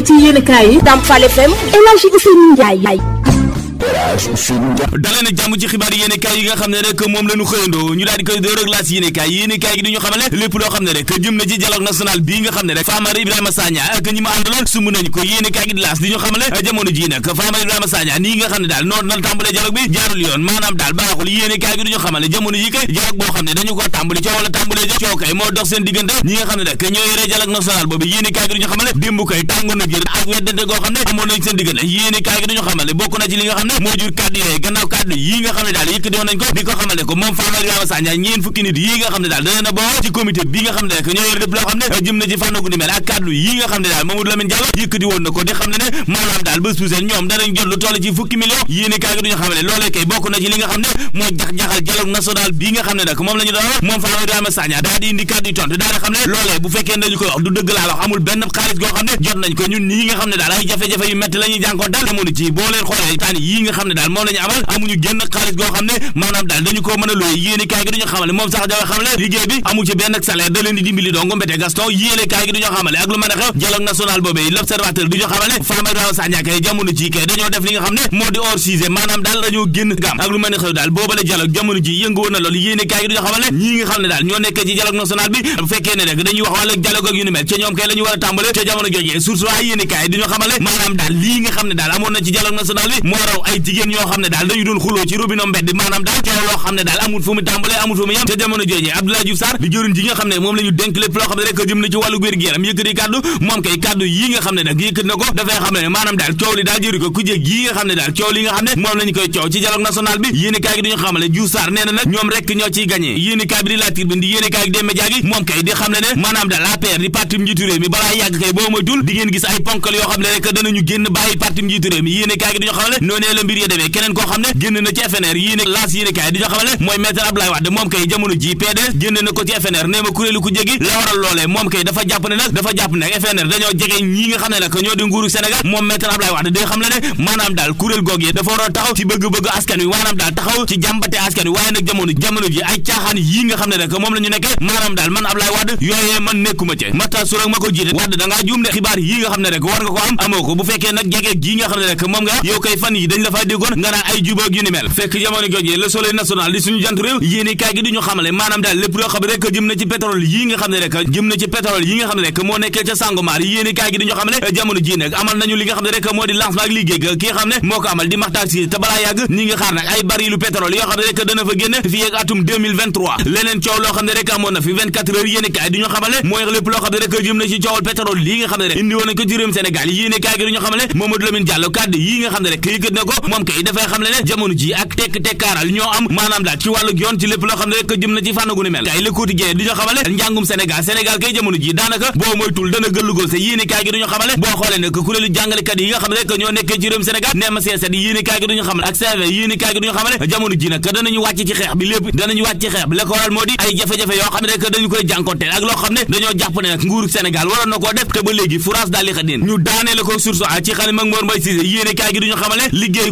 ci yéen kaay yi. Tam Fall FM El Hadji Ousseynou Ndiaye dalee nag jàmm ci xibaar yéene kaay yi nga xam ne rek moom la ñu xëyandoo ñu daal di koy door ak laas yéene kaay yéene kaay gi di ñu xamale lépp loo xam ne rek jëm na ci dialogue national bii nga xam ne rek Famara Ibrahima Sagna ak ñi ma àndaloon sumb nañ ko yéene kaay gi di laas di ñu xamale jamono ji nag Famara Ibrahima Sagna nii nga xam ne daal noonu na tàmbalee dialogue bi jaarul yoon maanaam daal baaxul yéene kaay gi di ñu xamale jamono ji kay dialogue boo xam ne dañu ko tàmbali coow la tàmbalee jox coow kay moo dox seen diggante ñi nga xam ne rek ñoo yore dialogue national boobu yéene kaay gi di ñu xamale démb koy tàngoon na ak weddante goo xam ne amoon nañ seen diggante yéene kaay gi di ñu xamale bokk na ci li nga xam ne moo jur kàddu yooyu gannaaw daal bi nga xam ne rek ñoo yor daal moom la ñu doon moom daal di indi kàddu yu tontu daal xam ne loolee bu fekkee dañu koy du dëgg laa amul benn xaalis goo xam ne jot nañ ko ñun ñii nga xam ne daal ay jafe-jafe yu metti la ñuy jànkoon daal ci boo leen xoolee nga xam ne daal moom la amal amuñu génn xaalis goo xam ne maanaam daal dañu koo mën a looy yéene kaay gi duñu xamale ne maanaam daal lii nga xam ne daal amoon na ci dialogue national bi moo raw ay jigéen yoo xam ne daal coow loo nga xam ne moom la ñu nga xam ne daal coow li nga xam ne daal coow li nga xam ne maanaam daal APR di parti njiitu réew mi balaa yàgg kay boo moytul di ngeen gis ay ponkal yoo xam ne rek danañu génn bàyyi parti njiitu réew mi yéene kaay gi duñu xamale noonee la la mbir ya demee keneen koo xam ne génn na ci FNR yii ne laas yii ne kaay di ñoo xamal ne mooy maître Abdoulaye Wade moom kay jamono ji PDS génn na ko ci FNR nee moom kay dafa jàpp ne nag dafa xam ne ne maanaam daal kuréel goog yi dafa war a taxaw ci bëgg-bëgg askan wi maanaam daal taxaw ci jàmbate askan wi waaye nag jamono jamono ji ay caaxaan yii nga xam ne nag moom la ñu maanaam daal man Abdoulaye Wade yooyee man nekkuma ci Matar Sourang ma ko jiite Wade dafa déggoon nga naan ay jubóog yu ni mel fekk jamono jooje le soleil national gi di xamale maanaam daal lépp loo xam ne rek jëm ci pétrole yi nga xam ne rek moo nekkee ca Sangomar yéeni kaay gi di xamale jamono ji nag amal nañu li nga xam ne rek moo di lancement liggéey ga ki xam ne moo ko amal di maxtaar te balaa yàgg ñi ngi xaar nag ay barilu pétrole yoo xam ne rek dana fa génn fii ak atum leneen coow loo xam ne rek amoon na fi 24 heures moom kay dafay xam ne jamono ji ak tekk tekkaaral ñoo am maanaam daal ci wàllu yoon ci lépp loo xam ne nag kuréelu jàngalekat ko waral ak loo xam ne dañoo jàpp ne nag nguuru Sénégal waroon na koo def te ba léegi France daal di ñu daanee la ko surso a ci xale mag Mor Mbaye Cissé yéene kaay gi duñu xamale liggéey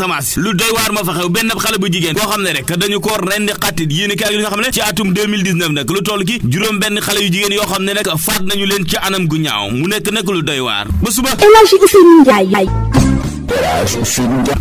Casamance lu doy ma fa xew benn xale bu jigéen boo xam ne rek dañu ko rendi xattit yéen kaay li nga xam ne ci atum nag lu toll ki juróom benn xale yu jigéen yoo xam ne nag faat nañu leen ci anam gu ñaaw mu nekk nag lu doy ba suba